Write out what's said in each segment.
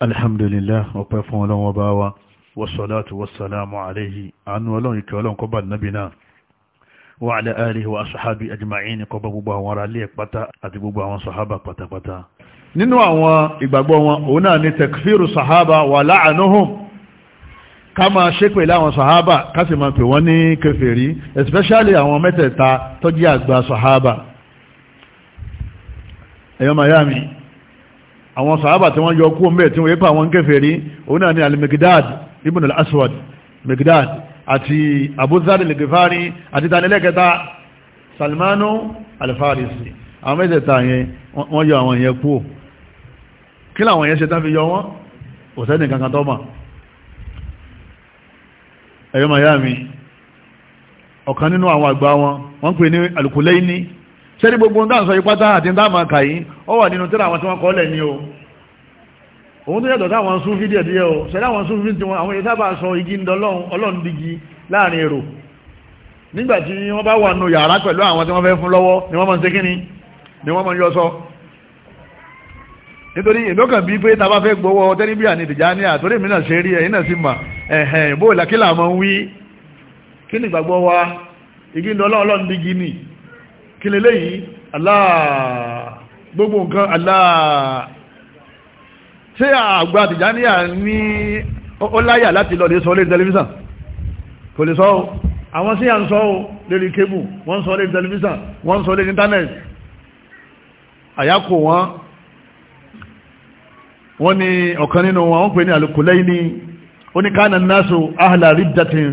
alhamdulillah ọpẹ́ fún ọlọ́run ọba wa wasalaatu wasalaamu alayhi anu ọlọ́run ìkẹ́ ọlọ́run kọba nàbí náà wa ala alihi wa ashabi ajma'in kọba gbogbo àwọn ará ilé pátá àti gbogbo àwọn sahaba pátápátá nínú àwọn ìgbàgbọ́ wọn òun náà ni tekfiru sahaba wa la'anuhum especially àwọn mẹ́tẹ̀ẹ̀ta tó jẹ́ àgbà sahaba àwọn sàábà tí wọ́n yọ kú mẹ́ tí wọ́n yípa àwọn kèfèrí òun náà ni al ibn al-Aswad Mikdad àti Abu Dharr al-Ghifari àti tanilẹ́kẹta Salmanu al-Farisi àwọn mẹ́tẹ̀ẹ̀ta yẹn wọ́n yọ àwọn yẹn kú kí láwọn yẹn ṣe fi yọ wọ́n kò kankan tó ẹ̀yọ́ miami ọ̀kan nínú àwọn àgbà wọn wọ́n pè ní al sẹ́rí gbogbo ń dáǹsọ ipátá àti ń dáàmà kàyí ó wà nínú tírà àwọn tí wọ́n kọ́lẹ̀ ní o òun tó yàtọ̀ táwọn sún fídíẹ̀ díẹ̀ o sẹ́rí àwọn sún fídíẹ̀ tí àwọn ìsábà sọ igi ọlọ́run dígi láàrin èrò nígbàtí wọ́n bá wà nù yàrá pẹ̀lú àwọn tí wọ́n fẹ́ ni wọ́n máa ń ṣe kíni ni wọ́n máa ń yọ sọ nítorí ìlókàn bíi pé ta bá fẹ́ gbowó tẹ́lifíà ní Tìjàníyà torí mi náà wa igi ńlọ́lọ́ọ̀lọ́ ń dígi nì kílélẹ́ yìí Allah gbogbo nǹkan Allah ṣé àgbà tìjáníyà ní ó láyà láti lọ lè sọ lórí tẹlifísàn kò lè sọ ọ́ àwọn sí à ń sọ ọ́ lórí kébù wọ́n sọ lórí tẹlifísàn wọ́n sọ lórí íńtánẹ́ẹ̀tì àyákò wọn wọ́n ni ọ̀kan nínú wọn wọ́n pè ní Al-Kulayni oníkánà náà so ahla riddatin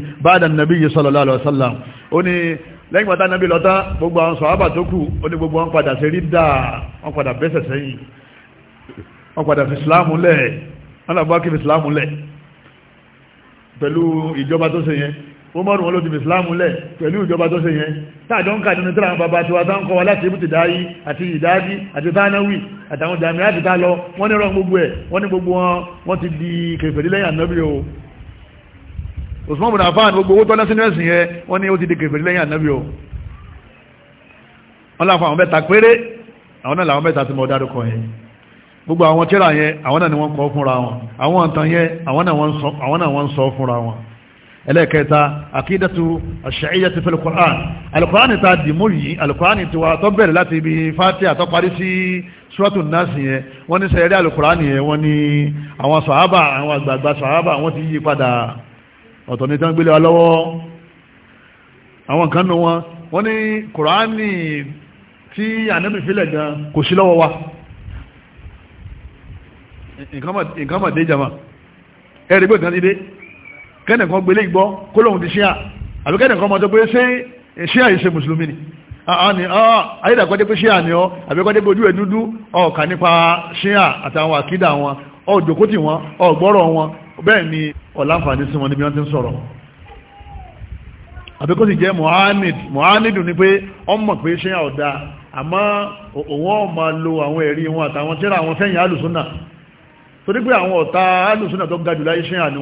lẹ́yìn pàtà nàbí lọ́tá gbogbo àwọn sọ̀hábà tó kù ó ní gbogbo wọn padà sí rídà wọn padà bẹ́sẹ̀ sẹ́yìn wọn padà fi ìsìláàmù lẹ̀ wọn làbọ́ kí fi ìsìláàmù lẹ̀ pẹ̀lú ìjọba tó ṣe yẹn wọ́n mọ́rùn wọn ló ti fi ìsìláàmù lẹ̀ pẹ̀lú ìjọba tó ṣe yẹn táàjọ ń kà nínú tíra bàbá tí wa táwọn kọ wa láti ibùtì dáyí àti ìdájí àti tánáwì àtàwọn jàmíà ti tá lọ wọ́n ní rọ gbogbo ẹ̀ wọ́n ní gbogbo wọn ti di kèfèrí lẹ́yìn ànábì o Usman bin Affan gbogbo owó tọ́lá sínú ẹ̀sìn yẹn wọ́n ní ó ti di kèfèrí lẹ́yìn ànábì o wọ́n láfa àwọn mẹ́ta péré àwọn náà làwọn mẹ́ta ti mọ̀ dárúkọ yẹn gbogbo àwọn tírà yẹn àwọn náà ni wọ́n kọ́ fúnra wọn àwọn ọ̀tàn yẹn àwọn náà wọ́n sọ fúnra wọn ẹlẹ́ẹ̀kẹta akídàtú ash-shay'iyya fil Qur'an alukọ́ránì ta dìmú yìí alukọ́ránì tiwa tó bẹ̀rẹ̀ láti ibi Fatiha tó sí Suratu Nas yẹn wọ́n ní sẹ́yẹ́rẹ́ alukọ́ránì yẹn wọ́n ní àwọn sàhábà àwọn àgbààgbà sàhábà wọ́n ti yí padà ọ̀tọ̀ ní tán gbélé wa lọ́wọ́ àwọn kan nù wọn wọ́n ní kùránì tí ànábì fílẹ̀ gan kò sí lọ́wọ́ wa nǹkan mà dé jama ẹ̀rí gbé kan dídé kẹ́nìkan gbélé ìgbọ́ kó lóun ti ṣíà àbí kẹ́nìkan ọmọ tó pé ṣé ṣíà yìí ṣe mùsùlùmí ni àní ayédàkọ́dé pé ṣíà ni ọ àbí kọ́dé pé ojú ẹ̀ dúdú ọ̀ọ̀kà nípa ṣíà àtàwọn àkídà wọn ọ̀dọ̀kọ́tì wọn ọ̀gbọ́rọ̀ wọn bẹ́ẹ̀ ni ọ̀láǹfààní sí wọn níbi wọ́n ti ń sọ̀rọ̀ àbíkó sì jẹ́ mohanid mohanid ni pé ọmọ pé ṣe ọ̀dá àmọ́ òun ọmọ lo àwọn ẹ̀rí wọn àtàwọn tíra àwọn fẹ́yìn alùsúnà torí pé àwọn ọ̀tá alùsúnà tó ga jùlá iṣẹ́ àni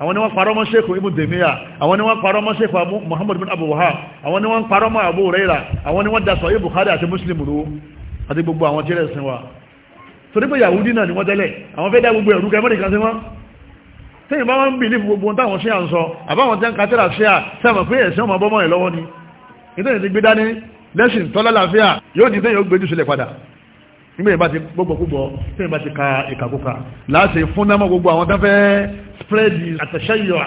àwọn ni wọ́n parọ́ mọ́ ṣèkò bin abu wahab àwọn ni abu rẹ́ra àwọn ni wọ́n dasọ̀ ibù kárí àti muslim ru àti gbogbo àwọn tíra ni wọ́n tẹ́lẹ̀ àwọn fẹ́ dá gbogbo ẹ̀rú kẹmẹ́rin kan tí ìbá wọn ń bìlí gbogbo táwọn ṣe à ń sọ àbáwọn tẹ́ ń katẹ́rà ṣe à sẹ́mọ̀ pé ẹ̀sìn ọmọ bọ́mọ̀ ẹ̀ lọ́wọ́ ni ìtẹ́yìn ti gbé dání lẹ́sìn tọ́lá làáfíà yóò di tẹ́yìn ó gbé jùsílẹ̀ padà nígbà ìbá ti gbogbo púpọ̀ tẹ́yìn bá ti ka ìkàkùkà láti fún námọ̀ gbogbo àwọn tán fẹ́ spread àtẹ̀ṣẹ́yọ̀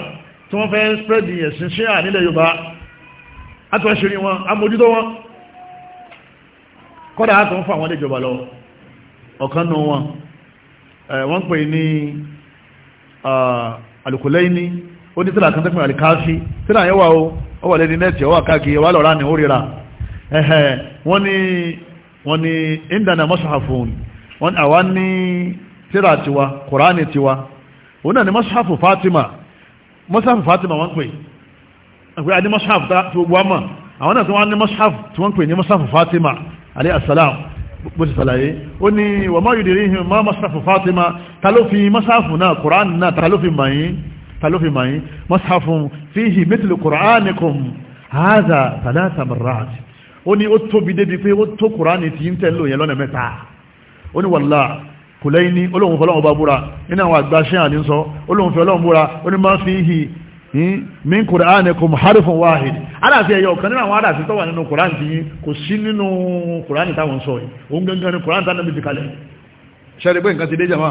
tí wọ́n fẹ́ spread ẹ̀sìn ṣe à nílẹ̀ Yorùbá àtúnṣe wọn amójútó wọn kọ́dà àtún fún àwọn ilé ìjọba lọ ọ̀kan nù wọn wọ́n pè ní alukulaini ó ní tíra kan tẹ́kùn alikafi tíra yẹn wà ó ó wà lẹ́ni nẹ́ẹ̀tì ó wà káàkiri wà lọ́ra ni ó ríra ẹ̀hẹ̀ wọ́n ní wọ́n ní indana mọ́ṣáfún wọ́n àwa ní tíra tiwa kùránì tiwa òun náà ni mọ́ṣáfù Fatima mọ́ṣáfù Fatima wọ́n pè àgbẹ̀ adé mọ́ṣáfù tó gbọ́ mọ́ àwọn náà tí wọ́n ní mọ́ṣáfù tí wọ́n pè ní mọ́ṣáfù Fatima alayhi assalam bó ti sàlàyé ó ní wà máa yìí ríhìn máa masáfù Fátímà ta ló fi masáfù náà kùránì náà ta ló fi mayin ta ló fi mayin masáfù fíhì mẹ́tìlì kùránìkùn haza tàdáta marat ó ní ó tóbi débi pé ó tó kùránì tí ń tẹ́lò yẹn lọ́nà mẹ́ta ó ní wàlá kùlẹ́yìn ní olóhùn fọlọ́hùn bá búra nínú àwọn àgbà Hmm? min kùránìkùn harifun wáhid aláàfí ẹ̀yọ ọ̀kan nínú àwọn aláàfí tó wà nínú kùránì tí kò sí nínú kùránì táwọn sọ yìí oun ni kùránì tánàbí ti kalẹ̀ ṣẹ́rẹ̀gbẹ́ nǹkan ti dé jama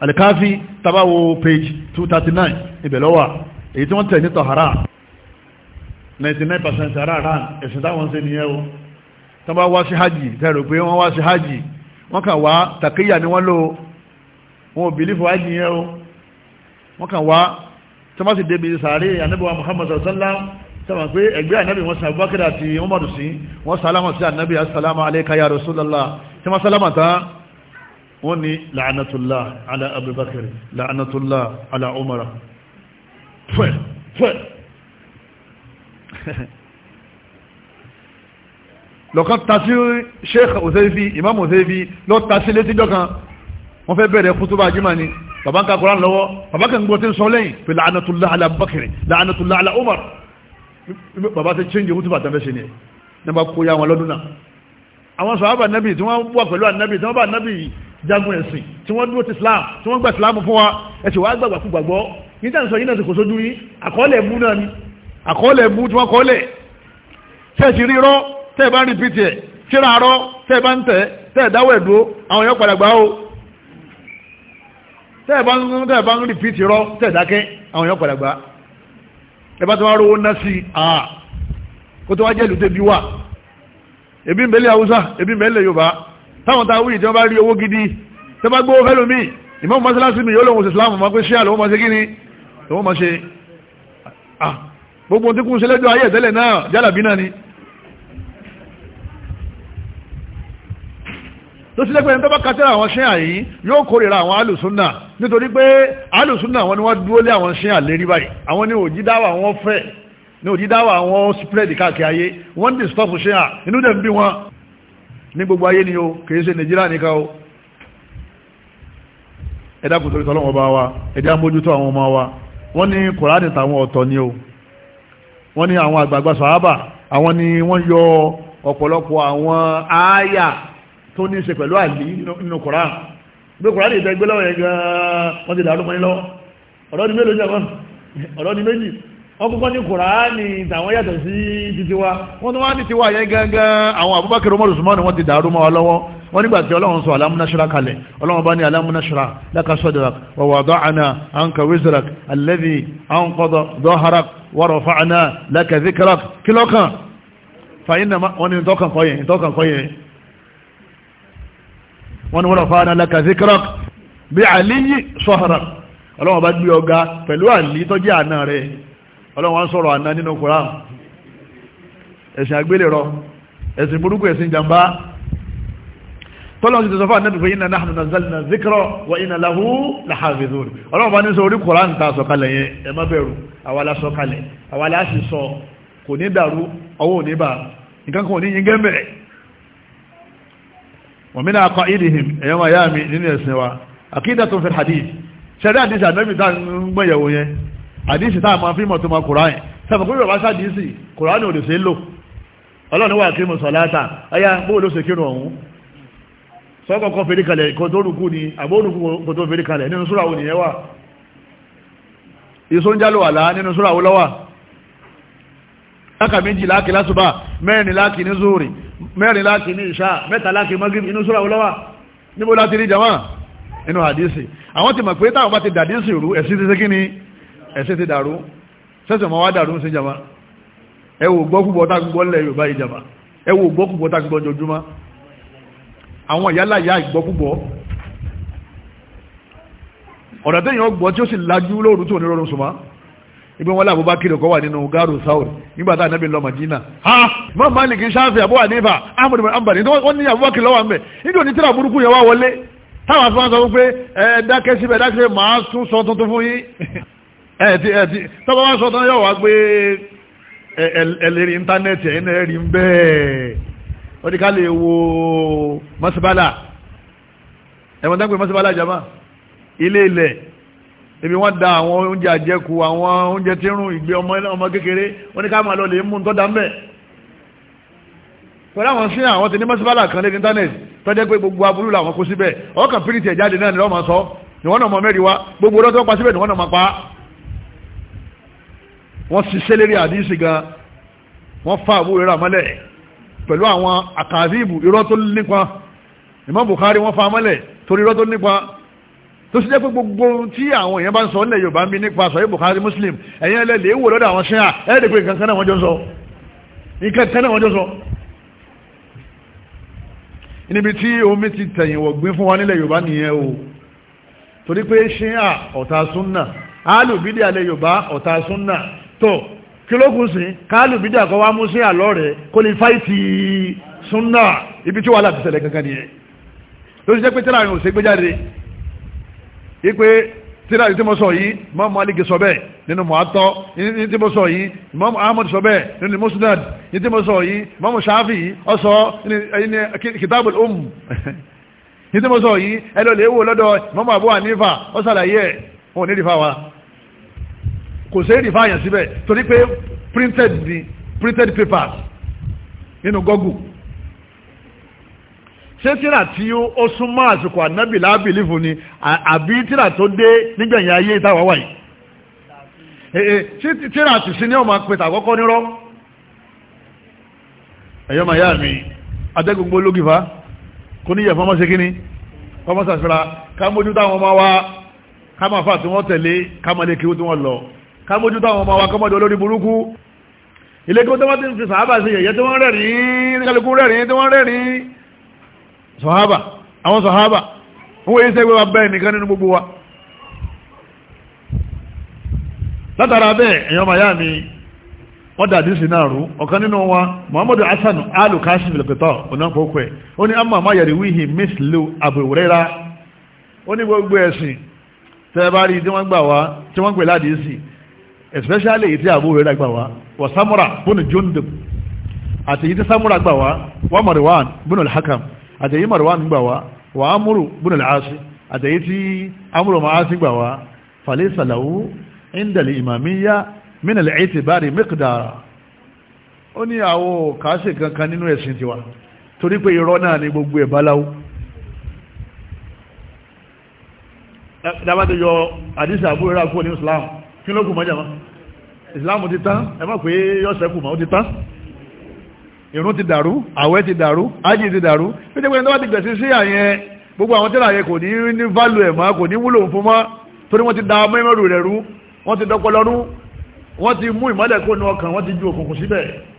alikafi tabawo page 239 ibelowa èyí tí wọ́n tẹ̀ ní tọ̀hárá 99% ara ran ẹ̀sìn táwọn sí hajji ni wọn hajji wọ́n kàn wá tí wọ́n sì débi sàárè ànábì wa Muhammad sallam sábà pé ẹgbẹ́ ànábì wọn sàn Abubakar àti Umaru sí wọ́n sálámà sí ànábì assalamu alayka ya Rasulullah tí wọ́n sálámà tán wọ́n ní la'anatullah ala Abubakar la'anatullah ala Umar fẹ́ fẹ́ lọ́kàn tasí sheikh Uzayfi imam Uzayfi lọ́ tasí létíjọ́ kan wọ́n fẹ́ bẹ̀rẹ̀ kútúbà jímà ni bàbá ń ka koran lọ́wọ́ bàbá kan gbọ́ tí ń sọ lẹ́yìn pé la'anatullah ala bakiri la'anatullah ala umar bàbá ti change hutu bàtà fẹ́sẹ̀ ni ní bá kóyá wọn lọ́dún náà àwọn sọ̀hábà nẹ́bì tí wọ́n wà pẹ̀lú ànẹ́bì tí wọ́n bá nẹ́bì jagun ẹ̀sìn tí wọ́n dúró ti islam tí wọ́n gba islam fún wa ẹ̀sìn wá gbàgbà fún gbàgbọ́ yíta ń sọ yí náà ti kò sójú yí àkọọ́lẹ̀ mú náà ni àkọọ́lẹ̀ mú tí wọ́n kọ́ọ́lẹ̀ tẹ́ẹ̀sì rírọ́ tẹ́ẹ̀ bá ń rí pt ẹ̀ tíra rọ́ bá ń tẹ́ tẹ́ẹ̀ dáwọ̀ ẹ̀dúró àwọn èèyàn padà gbà ó tẹ́ ẹ̀ bá ń tẹ́ ẹ̀ bá ń rìpíìtì rọ tẹ́ ẹ̀ dákẹ́ àwọn èèyàn padà gbà ẹ bá tó wá rówó ná sí i àá kó tó wá jẹ́ ìlú tẹ́bi wà ebi mẹ́lẹ̀ haúsá ebi mẹ́lẹ̀ yorùbá táwọn tá a wúyì tí wọ́n bá rí owó gidi tẹ́ bá gbówó fẹ́ lómi ìmọ̀ mọ́sálásí mi yóò lóhun ìsìlámù máa pé ṣé àlọ́ máa ṣe kí ni lọ́wọ́ máa ṣe à gbogbo tí kún ṣe lẹ́jọ́ ayé ìtẹ́lẹ̀ náà jálàbí náà ni tó sì lẹ́pẹ́ ní tọ́ bá kátẹ́rà àwọn ṣẹ́ àyín yóò kórìíra àwọn alùsùn náà nítorí pé alùsùn náà wọn ni wọ́n dúró lé àwọn ṣe àlérí báyìí àwọn ni òjídáwà wọn fẹ́ ní òjídáwà wọn spread káàkiri ayé wọ́n dì stop ṣe à inú dẹ̀ ń bí wọn ní gbogbo ayé ni o kìí ṣe Nàìjíríà nìkan o ẹ̀dá kò torí tọ́lọ́wọ́ bá wa ẹ̀dá mójútó àwọn ọmọ wa wọ́n ní Kùránì tàwọn ọ̀tọ̀ ni o wọ́n ní àwọn àgbààgbà sàhábà àwọn ni wọ́n yọ ọ̀pọ̀lọpọ̀ àwọn ááyà tó ní í pẹ̀lú àlì nínú Kùránì gbé kùránì ìtẹ́gbé lọ́wọ́ yẹn gan-an wọ́n ti dàrú mọ́ yín lọ́wọ́ ọ̀rọ̀ ni mélòó jẹ́wọ́n ọ̀rọ̀ ni méjì wọ́n kúkọ́ ní kùránì tàwọn yàtọ̀ sí titiwa wọ́n tó wá ní tiwa yẹn gangan àwọn Abubakar Umar Usman wọ́n ti dàrú mọ́ wa lọ́wọ́ wọ́n nígbà tí ọlọ́run sọ alámúnáṣírá kalẹ̀ ọlọ́run bá ní alámúnáṣírá laka sadrak wa wada'na anka wizrak alladhi anqadha dhahrak wa rafa'na laka dhikrak kílọ́kàn fàyínà wọ́n ni tọ́kàn kọ́yẹ̀ wọ́n ni wọ́n rọ̀fà náà laka zikrak bí àlíyí sọ́hara ọlọ́wọ́n bá gbé ọga pẹ̀lú àlí tó jẹ́ àna rẹ̀ ọlọ́wọ́n sọ̀rọ̀ àna nínú Kùránì ẹ̀sìn àgbélẹ̀rọ ẹ̀sìn burúkú ẹ̀sìn jàmbá tọ́lọ́sì tẹ̀sọ́fà náà fẹ́ iná náà nàzàlìnà zikra wa iná lahu lahafizun ọlọ́wọ́n bá ní sọ orí Kùránì wọ̀mínà akọ ìdìhìm ẹ̀yọ́ ma yá mi nínú ẹ̀sìn wa àkídà tó fi hadith ṣẹ̀rí àdìsí ànábì tá ń gbẹ̀yẹ̀wò yẹn àdìsí tá a máa fi mọ̀tún ma kùráyìn sẹ́fọ̀ kúrò bá sádìsí kùráyìn ò lè ṣe lò ọlọ́run wà kí mo sọ láta ayá bó ló ṣe kírun ọ̀hún sọ́kọ̀kọ́ fèrè kalẹ̀ kò tó rùkú ni àbó rùkú kò tó fèrè kalẹ̀ nínú súra wo nìyẹn wà ìsóúnjálò mẹ́rin láàkì ní zúrì mẹ́rin láti ní ìṣá mẹ́ta láti magrib inú súra olówà níbo láti rí jama inú hadisi àwọn ti mọ̀ pé táwọn bá ti dàdísì rú ẹ̀sí ti sékí ni ẹ̀sí ti dàrú sẹ́sẹ̀ mọ́ wá dàrú sí jama ẹ wò gbọ́ púpọ̀ tá gbọ́ lẹ̀ yorùbá yìí jama ẹ wò gbọ́ púpọ̀ tá gbọ́ jọjúmọ́ àwọn ìyálà ìyá ìgbọ́ púpọ̀ ọ̀rọ̀ tẹ́yìn ọgbọ́ tí ó sì lajú lóòrùn tó ní rọrùn sùmọ́ ibi wọn láàbò bá kiri ọkọ wà nínú garu saur nígbà tá lọ madina ha mọ malik ṣáfì àbọ wà nífà ahmed ambali wọn ní àbúbá kiri lọ́wọ́ mbẹ níbi òní tíra burúkú yẹn wá wọlé táwọn afẹ́ wọn sọ fún pé ẹ dákẹ́ síbẹ̀ dákẹ́ màá tún sọ tuntun fún yín ẹ ti ẹ ti tọ́ba wọn sọ tán yóò wá pé ẹ lè rí íńtánẹ́ẹ̀tì ẹ̀yin náà rí bẹ́ẹ̀ ó ní ká lè wo mọ́sibálà ẹ̀wọ̀n jama ilé ilẹ̀ ibi wọ́n da àwọn oúnjẹ àjẹkù àwọn oúnjẹ tí ń rún ìgbé ọmọ kékeré wọ́n ni ká máa lọ lè mú tọ́da mẹ́ pẹ̀lú àwọn sí àwọn tí ní mọ́síbálà kan lẹ́nu íńtánẹ́ẹ̀tì tọ́jẹ́ pé gbogbo aburú làwọn kó síbẹ̀ ọkàn pírìtì ẹ̀ náà ni wọ́n máa sọ ni wọ́n náà mọ mẹ́rin wá gbogbo ọdọ́ tó pa síbẹ̀ ni wọ́n náà máa pa á wọ́n sì sẹ́lérí àdísì gan wọ́n fa àbúrò rà mọ́lẹ̀ pẹ̀lú àwọn àkàzíìbù irọ́ tó nípa Imam Bukhari wọ́n tó sì jẹ́ pé gbogbo ohun tí àwọn èèyàn bá ń sọ nílẹ̀ Yorùbá ń bí nípa sọ Bukhari Muslim ẹ̀yìn ẹlẹ́lẹ̀ èèwò lọ́dọ̀ àwọn ṣẹ́yà ẹ̀ẹ́dẹ̀ pé nǹkan kan náà wọ́n jọ sọ nǹkan kan náà wọ́n jọ sọ níbi tí omi ti tẹ̀yìn wọ̀gbìn fún wa nílẹ̀ Yorùbá nìyẹn o torí pé ṣẹ́yà ọ̀tá súnnà alùbídì alẹ́ Yorùbá ọ̀tá súnnà tó kí ló kù sí kálùbídì àkọ́ wa mú ṣẹ́yà lọ́rẹ̀ kó lè fáìtì súnnà ibi tí wàhálà ti ṣẹlẹ̀ gangan nìyẹn ló ṣe jẹ́ pé tẹ́lá àwọn òṣègbè jáde wípé tíra tí mo sọ yìí imam malik sọ bẹ́ẹ̀ nínú muwatta ní tí mo sọ yìí imam ahmad sọ bẹ́ẹ̀ nínú musnad ní tí mo sọ yìí imam shafi ọsọ ní kitabul umm ní tí mo sọ yìí ẹlọ lè wò lọ́dọ̀ imam abu hanifa ó ṣàlàyé ẹ̀ wọn ò ní rìfà wa kò sí rìfà yẹn síbẹ̀ torí pé printed ni printed papers nínú google ṣé tíra tí ó súnmọ́ àsìkò ànábì lábìlì fún ni àbí tíra tó dé nígbẹ̀yìn ayé ìtawà wáyé ṣé tíra tí sí ní ọmọ pẹ̀tà àkọ́kọ́ nírọ́ ẹ̀yọ́ màá yá mi adẹ́gbogbo ológìfà kò níyẹ̀ fọmọ́ ṣe kíní fọmọ́ sàṣìra ká mójú táwọn ọmọ wa ká máa fà tí wọ́n tẹ̀lé ká máa lè kíwó tí wọ́n sọ̀hábà àwọn sọ̀hábà wọ́n yí sẹ́gbẹ́ wa bẹ́ẹ̀ nìkan nínú gbogbo wa látara bẹ́ẹ̀ èyàn màyá mi wọ́n dàdí sí náà rú ọ̀kan nínú wa muhammadu hasan alukasi filipitọ́ onáfókò ẹ̀ ó ní amma mayari wihi mislu abuwurera ó ní gbogbo ẹ̀sìn tẹ́ẹ̀bárí tí wọ́n gbà wá tí wọ́n gbè ládìí sí especially èyí tí gbà wá wà samura jundub àti samura gbà wá àtẹ̀yí marwan gbà wá wà ámúrù búnà láàásí àtẹ̀yí tí ámúrù ma áásí gbà falẹ́ sàlàwú ìndàlẹ̀ ìmàmíyá mínàlẹ̀ àìtì bári mẹ́kìdára ó ní àwọ kankan nínú ẹ̀sìn tiwa torí pé irọ́ náà ni gbogbo ẹ̀ báláwú dábàtẹ̀ yọ àdísà islam ìrun ti dàrú àwẹ̀ ti dàrú ájì ti dàrú tó jẹ́ pé ẹni tó bá ti gbẹ̀sí sí àyẹn gbogbo àwọn tẹ́lẹ̀ àyẹn kò ní ní válù ẹ̀ mọ́ kò ní wúlò fún mọ́ torí wọ́n ti da mẹ́mẹ́rù rẹ̀ rú wọ́n ti dọ́pọlọ wọ́n ti mú ìmọ́lẹ̀ kó ọkàn wọ́n ti ju òkùnkùn síbẹ̀